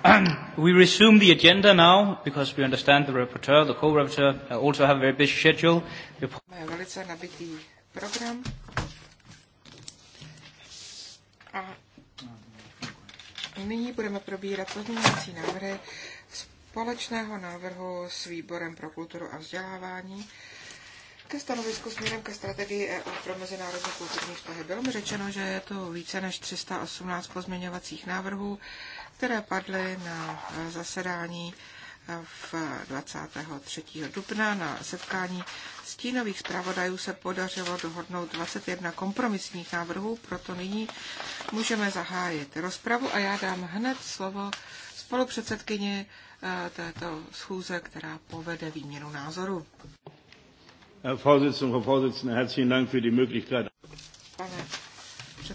we resume the agenda now, because we understand the rapporteur, the co-rapporteur, uh, also have a very busy schedule. Mají velice nabitý program. A nyní budeme probírat pozměňovací návrhy společného návrhu s výborem pro kulturu a vzdělávání ke stanovisku směrem ke strategii EU pro mezinárodní kulturní vztahy. Bylo mi řečeno, že je to více než 318 pozměňovacích návrhů které padly na zasedání v 23. dubna na setkání stínových zpravodajů se podařilo dohodnout 21 kompromisních návrhů, proto nyní můžeme zahájit rozpravu a já dám hned slovo spolupředsedkyni eh, této schůze, která povede výměnu názoru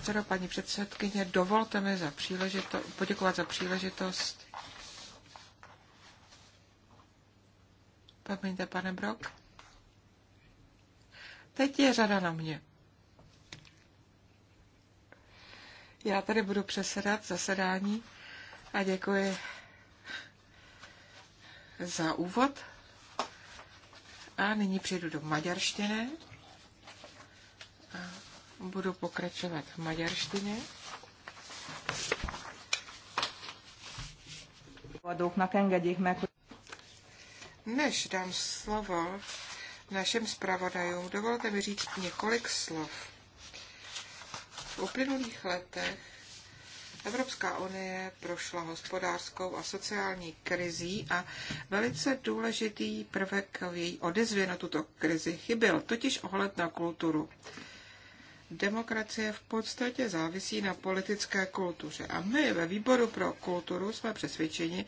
předsedo, paní předsedkyně, dovolte mi za příležito, poděkovat za příležitost. Promiňte, pane Brok. Teď je řada na mě. Já tady budu přesedat zasedání a děkuji za úvod. A nyní přejdu do maďarštiny. A Budu pokračovat v maďarštině. Než dám slovo našem zpravodajům, dovolte mi říct několik slov. V uplynulých letech Evropská unie prošla hospodářskou a sociální krizí a velice důležitý prvek v její odezvě na tuto krizi chyběl, totiž ohled na kulturu demokracie v podstatě závisí na politické kultuře. A my ve výboru pro kulturu jsme přesvědčeni,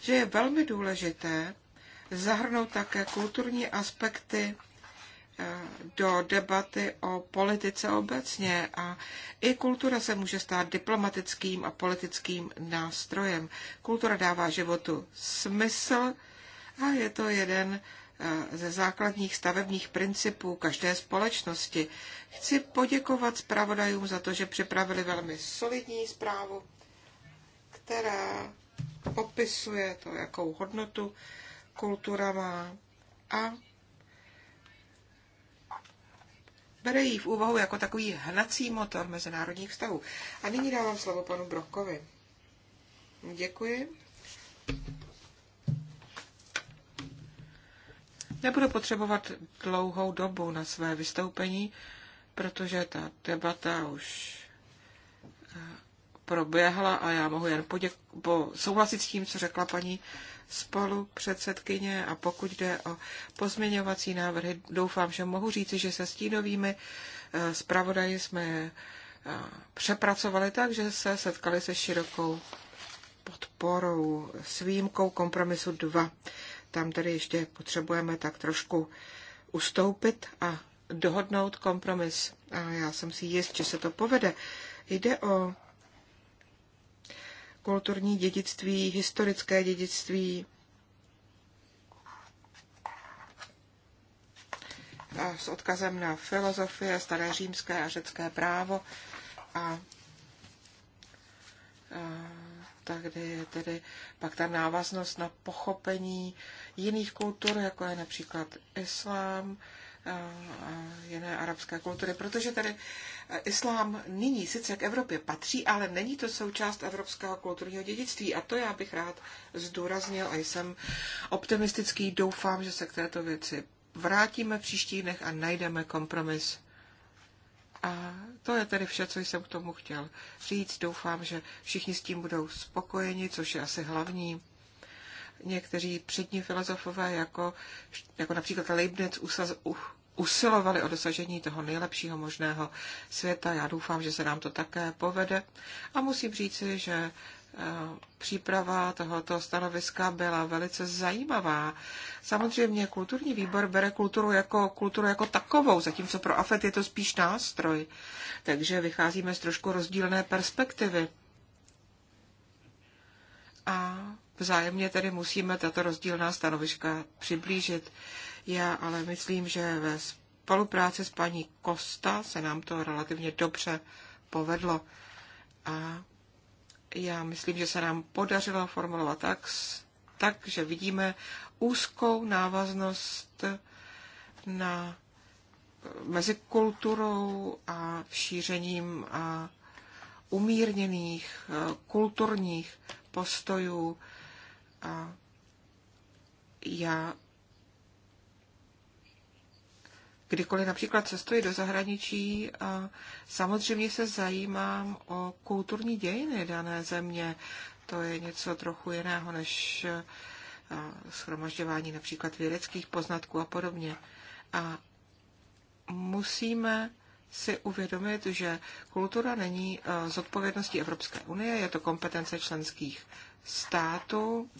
že je velmi důležité zahrnout také kulturní aspekty eh, do debaty o politice obecně a i kultura se může stát diplomatickým a politickým nástrojem. Kultura dává životu smysl a je to jeden ze základních stavebních principů každé společnosti. Chci poděkovat zpravodajům za to, že připravili velmi solidní zprávu, která popisuje to, jakou hodnotu kultura má a bere ji v úvahu jako takový hnací motor mezinárodních vztahů. A nyní dávám slovo panu Brokovi. Děkuji. Nebudu potřebovat dlouhou dobu na své vystoupení, protože ta debata už eh, proběhla a já mohu jen poděk- po souhlasit s tím, co řekla paní spolu předsedkyně a pokud jde o pozměňovací návrhy, doufám, že mohu říci, že se stínovými eh, zpravodaji jsme eh, přepracovali tak, že se setkali se širokou podporou s výjimkou kompromisu 2 tam tedy ještě potřebujeme tak trošku ustoupit a dohodnout kompromis. A já jsem si jist, že se to povede. Jde o kulturní dědictví, historické dědictví, s odkazem na filozofie, staré římské a řecké právo a kde je tedy pak ta návaznost na pochopení jiných kultur, jako je například islám, a jiné arabské kultury, protože tedy e, islám nyní sice k Evropě patří, ale není to součást evropského kulturního dědictví a to já bych rád zdůraznil a jsem optimistický, doufám, že se k této věci vrátíme v příštích dnech a najdeme kompromis. A to je tedy vše, co jsem k tomu chtěl říct. Doufám, že všichni s tím budou spokojeni, což je asi hlavní. Někteří přední filozofové, jako, jako například Leibniz, usaz, uh, usilovali o dosažení toho nejlepšího možného světa. Já doufám, že se nám to také povede. A musím říci, že příprava tohoto stanoviska byla velice zajímavá. Samozřejmě kulturní výbor bere kulturu jako, kulturu jako takovou, zatímco pro AFET je to spíš nástroj. Takže vycházíme z trošku rozdílné perspektivy. A vzájemně tedy musíme tato rozdílná stanoviska přiblížit. Já ale myslím, že ve spolupráci s paní Kosta se nám to relativně dobře povedlo. A já myslím, že se nám podařilo formulovat tak, tak, že vidíme úzkou návaznost na, mezi kulturou a šířením a umírněných eh, kulturních postojů. A já kdykoliv například cestuji do zahraničí, samozřejmě se zajímám o kulturní dějiny dané země. To je něco trochu jiného než schromažďování například vědeckých poznatků a podobně. A musíme si uvědomit, že kultura není z odpovědnosti Evropské unie, je to kompetence členských států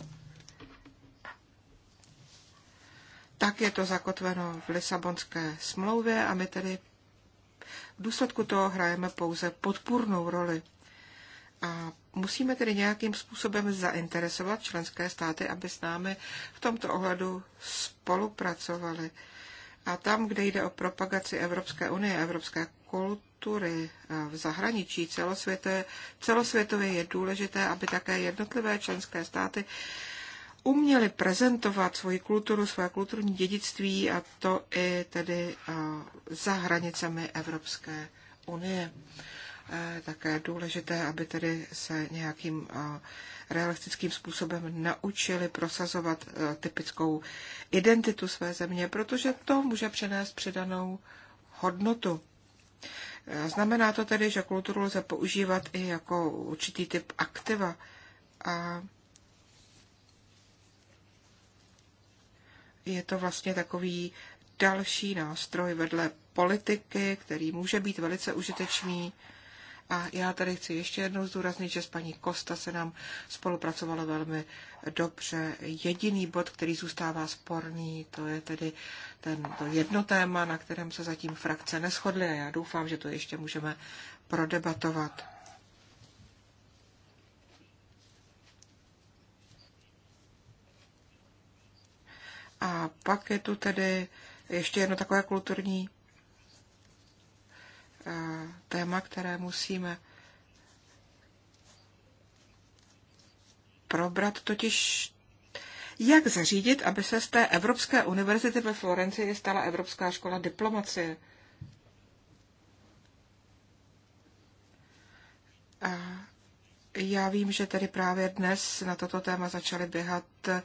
tak je to zakotveno v Lisabonské smlouvě a my tedy v důsledku toho hrajeme pouze podpůrnou roli. A musíme tedy nějakým způsobem zainteresovat členské státy, aby s námi v tomto ohledu spolupracovali. A tam, kde jde o propagaci Evropské unie, evropské kultury v zahraničí celosvětové, celosvětově je důležité, aby také jednotlivé členské státy uměli prezentovat svoji kulturu, své kulturní dědictví a to i tedy za hranicemi Evropské unie. E, také důležité, aby tedy se nějakým realistickým způsobem naučili prosazovat e, typickou identitu své země, protože to může přinést přidanou hodnotu. E, znamená to tedy, že kulturu lze používat i jako určitý typ aktiva. A je to vlastně takový další nástroj vedle politiky, který může být velice užitečný. A já tady chci ještě jednou zdůraznit, že s paní Kosta se nám spolupracovala velmi dobře. Jediný bod, který zůstává sporný, to je tedy ten, to jedno téma, na kterém se zatím frakce neschodly a já doufám, že to ještě můžeme prodebatovat. A pak je tu tedy ještě jedno takové kulturní eh, téma, které musíme probrat, totiž jak zařídit, aby se z té Evropské univerzity ve Florencii stala Evropská škola diplomacie. A já vím, že tedy právě dnes na toto téma začaly běhat eh,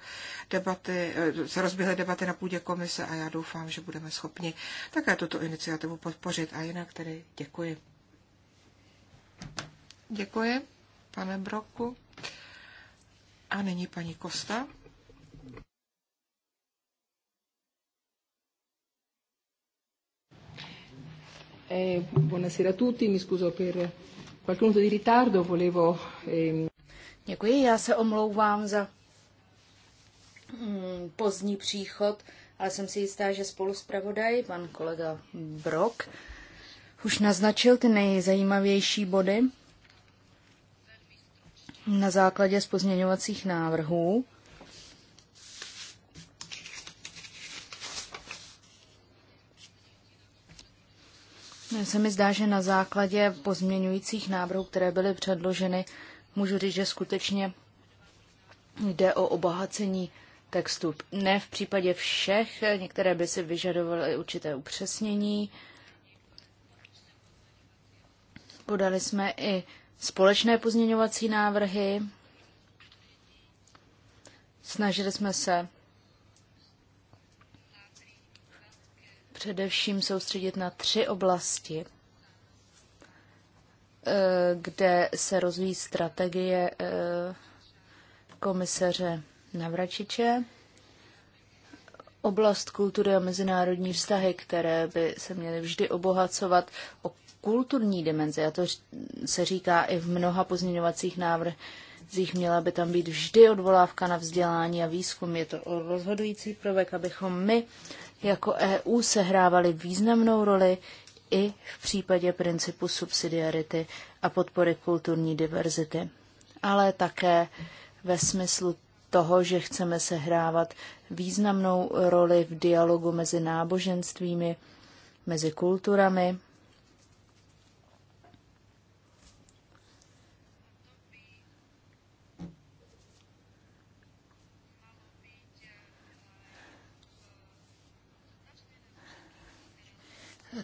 debaty, eh, se rozběhly debaty na půdě komise a já doufám, že budeme schopni také tuto iniciativu podpořit. A jinak tedy děkuji. Děkuji, pane Broku. A nyní paní Kosta. Eh, buonasera a tutti, mi scuso per Ehm, Děkuji, já se omlouvám za mm, pozdní příchod, ale jsem si jistá, že spolu zpravodaj, pan kolega Brok, už naznačil ty nejzajímavější body na základě spozměňovacích návrhů. se mi zdá, že na základě pozměňujících návrhů, které byly předloženy, můžu říct, že skutečně jde o obohacení textu. Ne v případě všech, některé by si vyžadovaly určité upřesnění. Podali jsme i společné pozměňovací návrhy. Snažili jsme se především soustředit na tři oblasti, eh, kde se rozvíjí strategie eh, komisaře Navračiče, oblast kultury a mezinárodní vztahy, které by se měly vždy obohacovat o kulturní dimenzi, a to se říká i v mnoha pozměňovacích návrzích, měla by tam být vždy odvolávka na vzdělání a výzkum. Je to rozhodující prvek, abychom my jako EU sehrávaly významnou roli i v případě principu subsidiarity a podpory kulturní diverzity, ale také ve smyslu toho, že chceme sehrávat významnou roli v dialogu mezi náboženstvími, mezi kulturami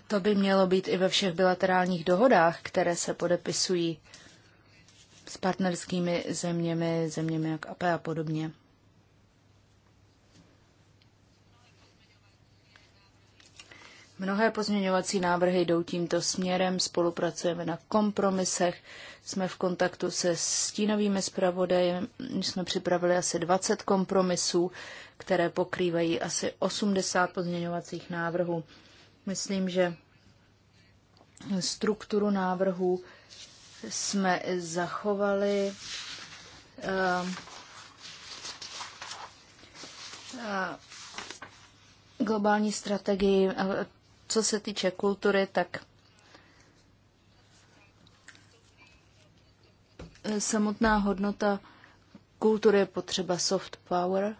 To by mělo být i ve všech bilaterálních dohodách, které se podepisují s partnerskými zeměmi, zeměmi jak AP a podobně. Mnohé pozměňovací návrhy jdou tímto směrem, spolupracujeme na kompromisech, jsme v kontaktu se stínovými zpravodajem, jsme připravili asi 20 kompromisů, které pokrývají asi 80 pozměňovacích návrhů. Myslím, že strukturu návrhu jsme zachovali. Ehm, globální strategii, co se týče kultury, tak samotná hodnota kultury je potřeba soft power,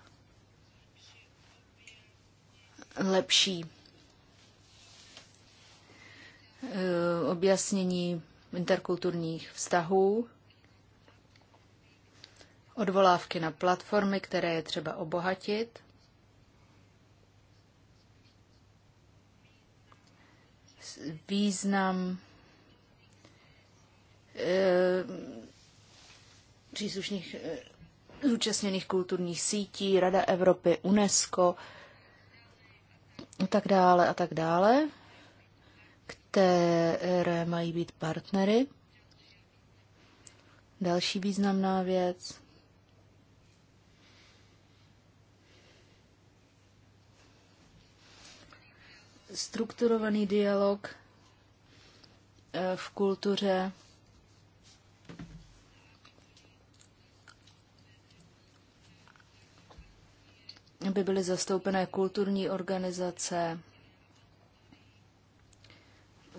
lepší objasnění interkulturních vztahů, odvolávky na platformy, které je třeba obohatit, význam eh, příslušných eh, zúčastněných kulturních sítí, Rada Evropy, UNESCO a tak dále a tak dále které mají být partnery. Další významná věc. Strukturovaný dialog eh, v kultuře. Aby byly zastoupené kulturní organizace,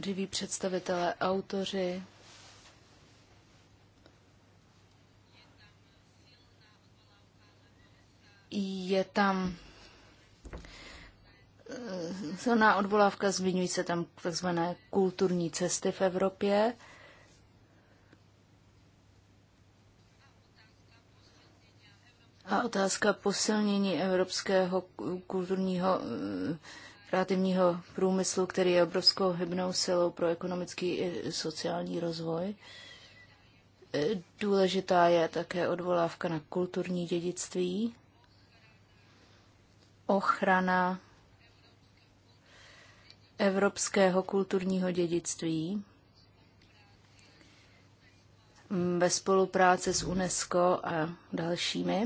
jednotliví představitelé, autoři. Je tam eh, silná odvolávka, zmiňují se tam takzvané kulturní cesty v Evropě. A otázka posilnění evropského kulturního eh, kreativního průmyslu, který je obrovskou hybnou silou pro ekonomický i sociální rozvoj. E, důležitá je také odvolávka na kulturní dědictví, ochrana evropského kulturního dědictví ve spolupráci s UNESCO a dalšími.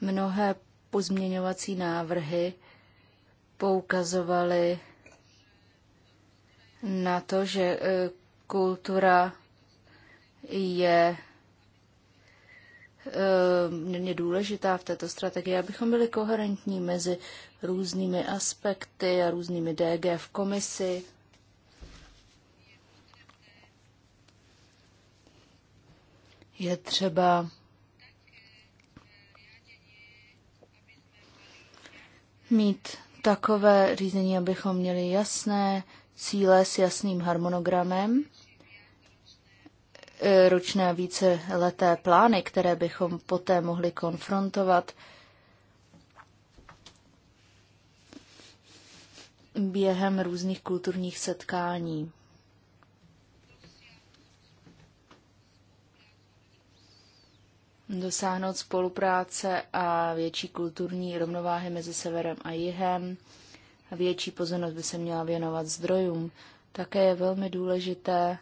Mnohé pozměňovací návrhy poukazovaly na to, že e, kultura je e, je důležitá v této strategii, abychom byli koherentní mezi různými aspekty a různými DG v komisi. Je třeba mít takové řízení, abychom měli jasné cíle s jasným harmonogramem, e, ročné a více leté plány, které bychom poté mohli konfrontovat během různých kulturních setkání. dosáhnout spolupráce a větší kulturní rovnováhy mezi severem a jihem. větší pozornost by se měla věnovat zdrojům. Také je velmi důležité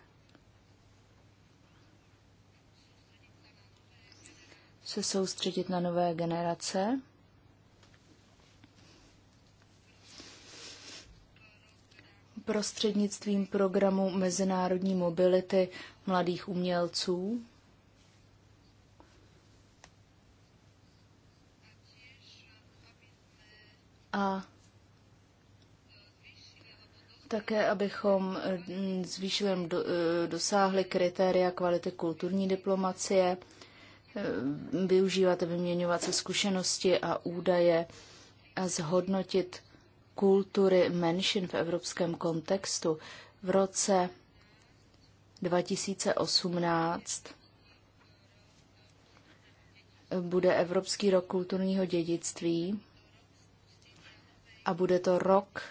se soustředit na nové generace. Prostřednictvím programu mezinárodní mobility mladých umělců a také, abychom mm, zvýšili, e, dosáhli kritéria kvality kulturní diplomacie, e, využívat a vyměňovat se zkušenosti a údaje a zhodnotit kultury menšin v evropském kontextu. V roce 2018 bude Evropský rok kulturního dědictví a bude to rok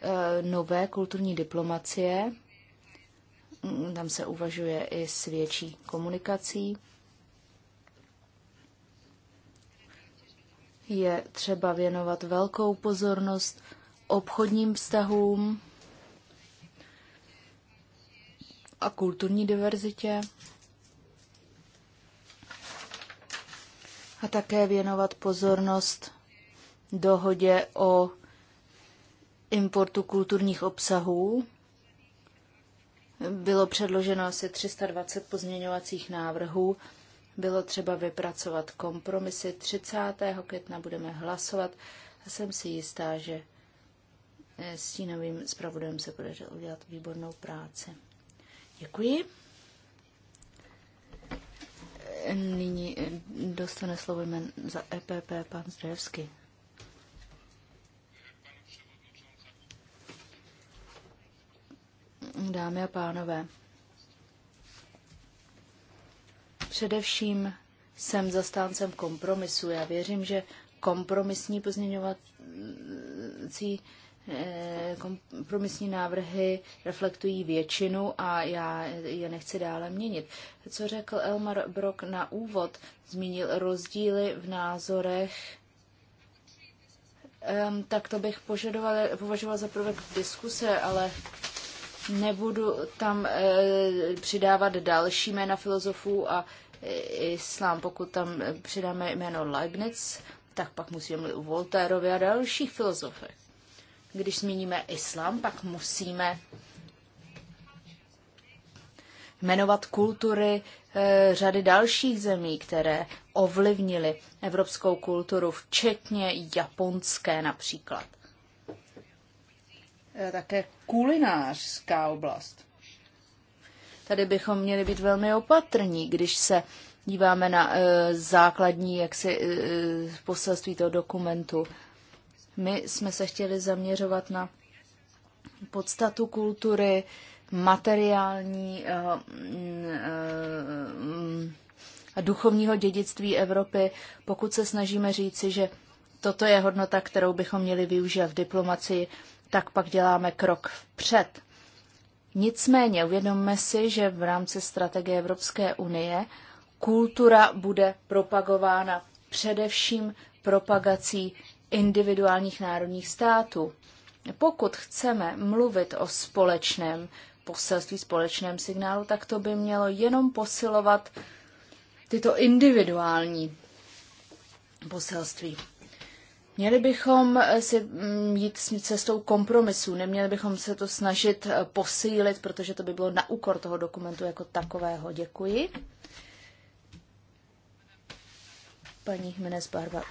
eh, nové kulturní diplomacie. Mm, tam se uvažuje i s větší komunikací. Je třeba věnovat velkou pozornost obchodním vztahům a kulturní diverzitě. A také věnovat pozornost dohodě o importu kulturních obsahů. Bylo předloženo asi 320 pozměňovacích návrhů. Bylo třeba vypracovat kompromisy. 30. května budeme hlasovat a jsem si jistá, že eh, s tínovým zpravodajem se podařilo udělat výbornou práci. Děkuji. Nyní eh, dostane slovo jmen za EPP pan Zdrojevský. dámy a pánové. Především jsem zastáncem kompromisu. Já věřím, že kompromisní pozměňovací eh, kompromisní návrhy reflektují většinu a já je nechci dále měnit. Co řekl Elmar Brock na úvod, zmínil rozdíly v názorech, tak to bych požadoval, považoval za prvek diskuse, ale Nebudu tam e, přidávat další jména filozofů a eh, islám. Pokud tam eh, přidáme jméno Leibniz, tak pak musíme mluvit o Voltairovi a dalších filozofech. Když zmíníme islám, pak musíme jmenovat kultury e, řady dalších zemí, které ovlivnily evropskou kulturu, včetně japonské například. Eh, také kulinářská oblast. Tady bychom měli být velmi opatrní, když se díváme na e, základní jaksi, e, eh, poselství toho dokumentu. My jsme se chtěli zaměřovat na podstatu kultury, materiální e, e, duchovního dědictví Evropy, pokud se snažíme říci, že toto je hodnota, kterou bychom měli využít v diplomacii tak pak děláme krok vpřed. Nicméně uvědomme si, že v rámci strategie Evropské unie kultura bude propagována především propagací individuálních národních států. Pokud chceme mluvit o společném poselství, společném signálu, tak to by mělo jenom posilovat tyto individuální poselství. Měli bychom eh, si mm, jít cestou kompromisu, neměli bychom se to snažit eh, posílit, protože to by bylo na úkor toho dokumentu jako takového. Děkuji. Paní Jiménez Barba.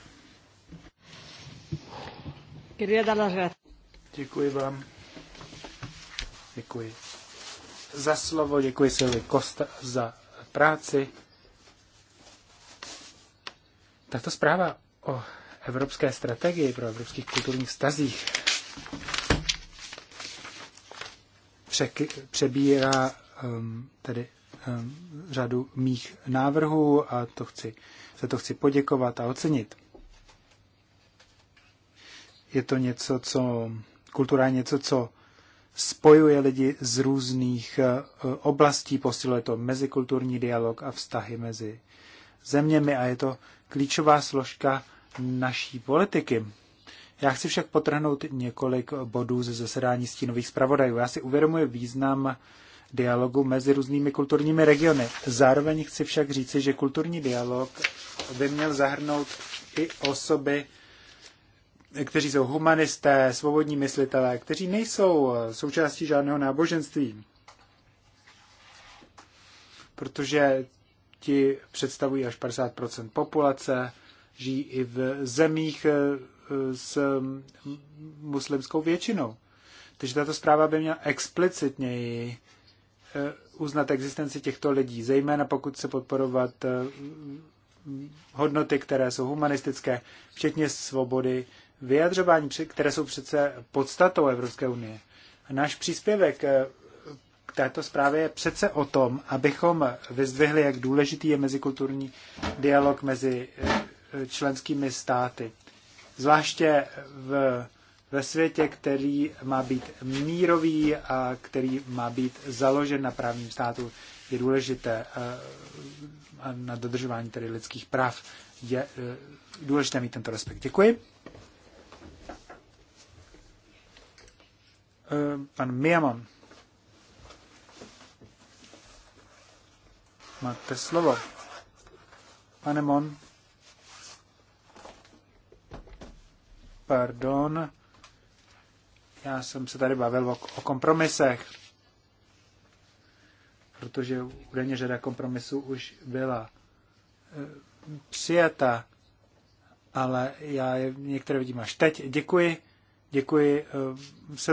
Děkuji vám. Děkuji za slovo, děkuji Silvi Kosta za práci. Tato zpráva o evropské strategii pro evropských kulturních vztazích přebírá um, tedy um, řadu mých návrhů a to chci, za to chci poděkovat a ocenit. Je to něco, co kultura je něco, co spojuje lidi z různých uh, oblastí, posiluje to mezikulturní dialog a vztahy mezi zeměmi a je to klíčová složka naší politiky. Já chci však potrhnout několik bodů ze zasedání stínových zpravodajů. Já si uvědomuji význam dialogu mezi různými kulturními regiony. Zároveň chci však říci, že kulturní dialog by měl zahrnout i osoby, kteří jsou humanisté, svobodní myslitelé, kteří nejsou součástí žádného náboženství. Protože ti představují až 50 populace žijí i v zemích eh, s muslimskou většinou. Takže tato zpráva by měla explicitněji eh, uznat existenci těchto lidí, zejména pokud se podporovat eh, hodnoty, které jsou humanistické, včetně svobody vyjadřování, které jsou přece podstatou Evropské unie. A náš příspěvek k této zprávě je přece o tom, abychom vyzdvihli, jak důležitý je mezikulturní dialog mezi členskými státy. Zvláště v, ve světě, který má být mírový a který má být založen na právním státu, je důležité eh, a na dodržování tedy lidských práv je eh, důležité mít tento respekt. Děkuji. Eh, pan Miamon. Máte slovo. Pane Mon, Pardon. Já jsem se tady bavil o, o kompromisech, protože údajně řada kompromisů už byla eh, přijata, ale já je některé vidím až teď. Děkuji, děkuji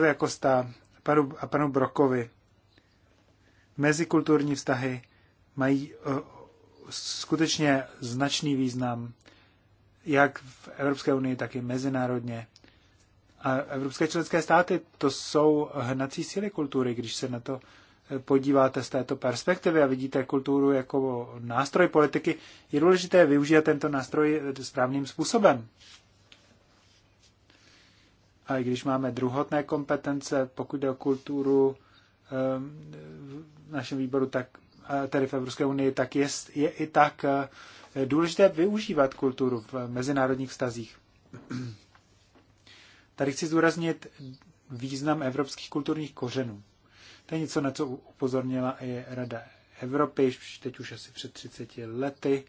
jako eh, stá panu, a panu Brokovi. Mezikulturní vztahy mají eh, skutečně značný význam jak v Evropské unii, tak i mezinárodně. A evropské členské státy to jsou hnací síly kultury, když se na to eh, podíváte z této perspektivy a vidíte kulturu jako nástroj politiky, je důležité využít tento nástroj eh, správným způsobem. A i když máme druhotné kompetence, pokud jde o kulturu eh, v našem výboru, tak, tedy v Evropské unii, tak je, je i tak důležité využívat kulturu v mezinárodních vztazích. Tady chci zdůraznit význam evropských kulturních kořenů. To je něco, na co upozornila i Rada Evropy, teď už asi před 30 lety.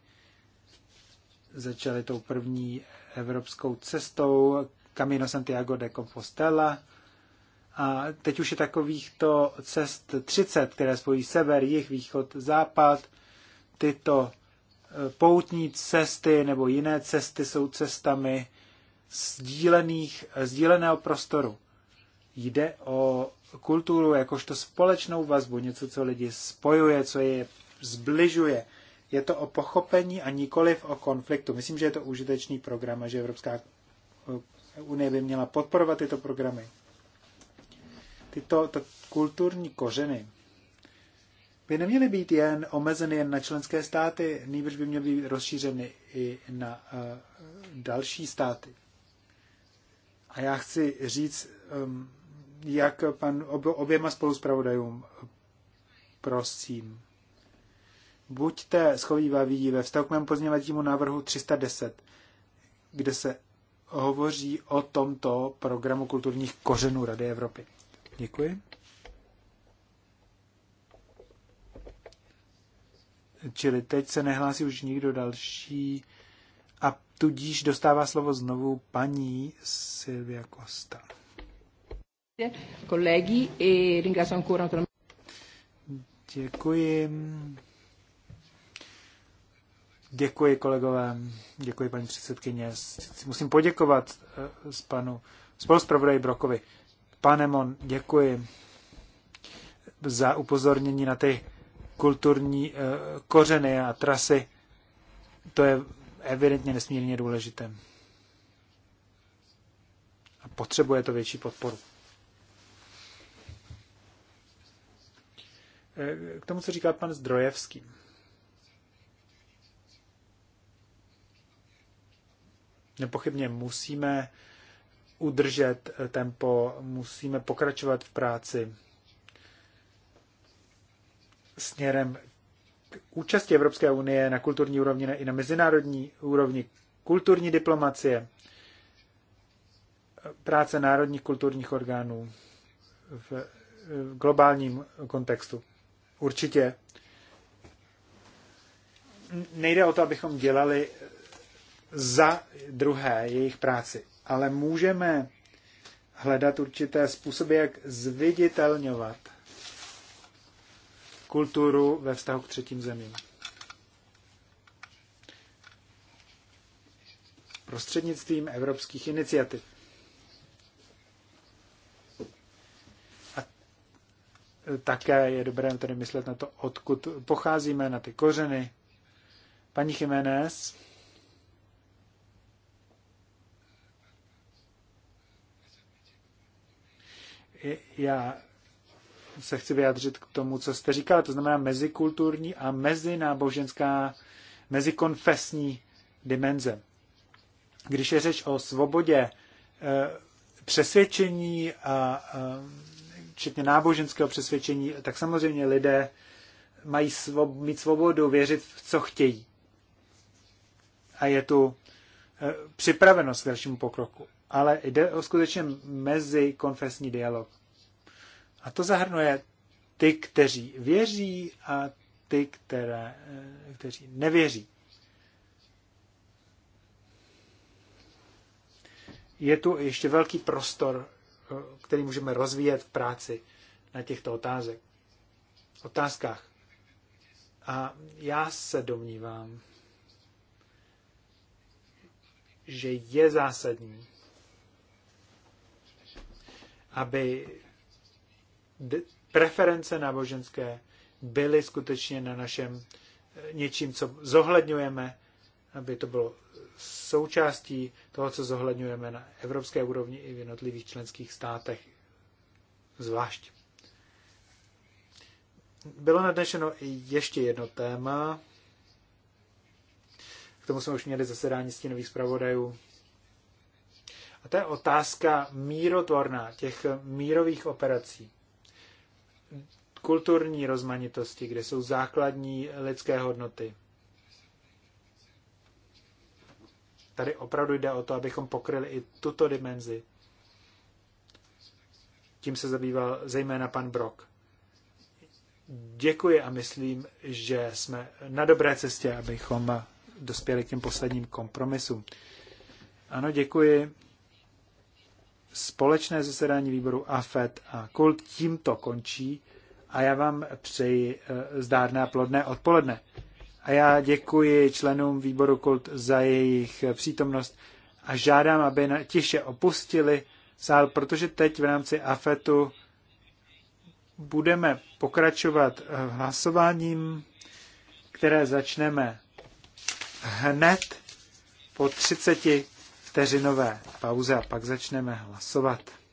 Začali tou první evropskou cestou Camino Santiago de Compostela. A teď už je takovýchto cest 30, které spojí sever, jih, východ, západ. Tyto poutní cesty nebo jiné cesty jsou cestami sdílených, sdíleného prostoru. Jde o kulturu jakožto společnou vazbu, něco, co lidi spojuje, co je zbližuje. Je to o pochopení a nikoliv o konfliktu. Myslím, že je to užitečný program a že Evropská eh, unie by měla podporovat tyto programy. Tyto to kulturní kořeny by neměly být jen omezeny jen na členské státy, nejbrž by měly být rozšířeny i na uh, další státy. A já chci říct, um, jak pan ob, oběma spoluspravodajům prosím. Buďte schovývaví ve vztahu k mému pozměňovacímu návrhu 310, kde se hovoří o tomto programu kulturních kořenů Rady Evropy. Děkuji. Čili teď se nehlásí už nikdo další a tudíž dostává slovo znovu paní Silvia Costa. Kolegy, ringrazio ancora Děkuji. Děkuji kolegové, děkuji paní předsedkyně. Musím poděkovat eh, s panu spoluzpravodaji Brokovi. Pane Mon, děkuji za upozornění na ty kulturní eh, kořeny a trasy. To je evidentně nesmírně důležité. A potřebuje to větší podporu. Eh, k tomu, co říkal pan Zdrojevský. Nepochybně musíme udržet tempo, musíme pokračovat v práci, směrem k účasti Evropské unie na kulturní úrovni i na mezinárodní úrovni kulturní diplomacie, práce národních kulturních orgánů v globálním kontextu. Určitě nejde o to, abychom dělali za druhé jejich práci, ale můžeme hledat určité způsoby, jak zviditelňovat kulturu ve vztahu k třetím zemím. Prostřednictvím evropských iniciativ. A také je dobré tedy myslet na to, odkud pocházíme, na ty kořeny. Paní Jiménez, já se chci vyjádřit k tomu, co jste říkala, to znamená mezikulturní a mezináboženská, mezikonfesní dimenze. Když je řeč o svobodě eh, přesvědčení a eh, včetně náboženského přesvědčení, tak samozřejmě lidé mají svob, mít svobodu věřit v co chtějí. A je tu eh, připravenost k dalšímu pokroku. Ale jde o skutečně mezikonfesní dialog. A to zahrnuje ty, kteří věří a ty, které, eh, kteří nevěří. Je tu ještě velký prostor, eh, který můžeme rozvíjet v práci na těchto otázek, otázkách. A já se domnívám, že je zásadní, aby preference náboženské byly skutečně na našem eh, něčím, co zohledňujeme, aby to bylo součástí toho, co zohledňujeme na evropské úrovni i v jednotlivých členských státech zvlášť. Bylo nadnešeno ještě jedno téma. K tomu jsme už měli zasedání stínových zpravodajů. A to je otázka mírotvorná, těch mírových operací kulturní rozmanitosti, kde jsou základní lidské hodnoty. Tady opravdu jde o to, abychom pokryli i tuto dimenzi. Tím se zabýval zejména pan Brok. Děkuji a myslím, že jsme na dobré cestě, abychom dospěli k těm posledním kompromisům. Ano, děkuji. Společné zasedání výboru AFET a KULT tímto končí a já vám přeji eh, zdárné a plodné odpoledne. A já děkuji členům výboru KULT za jejich přítomnost a žádám, aby tiše opustili sál, protože teď v rámci AFETu budeme pokračovat eh, hlasováním, které začneme hned po 30 vteřinové pauze a pak začneme hlasovat.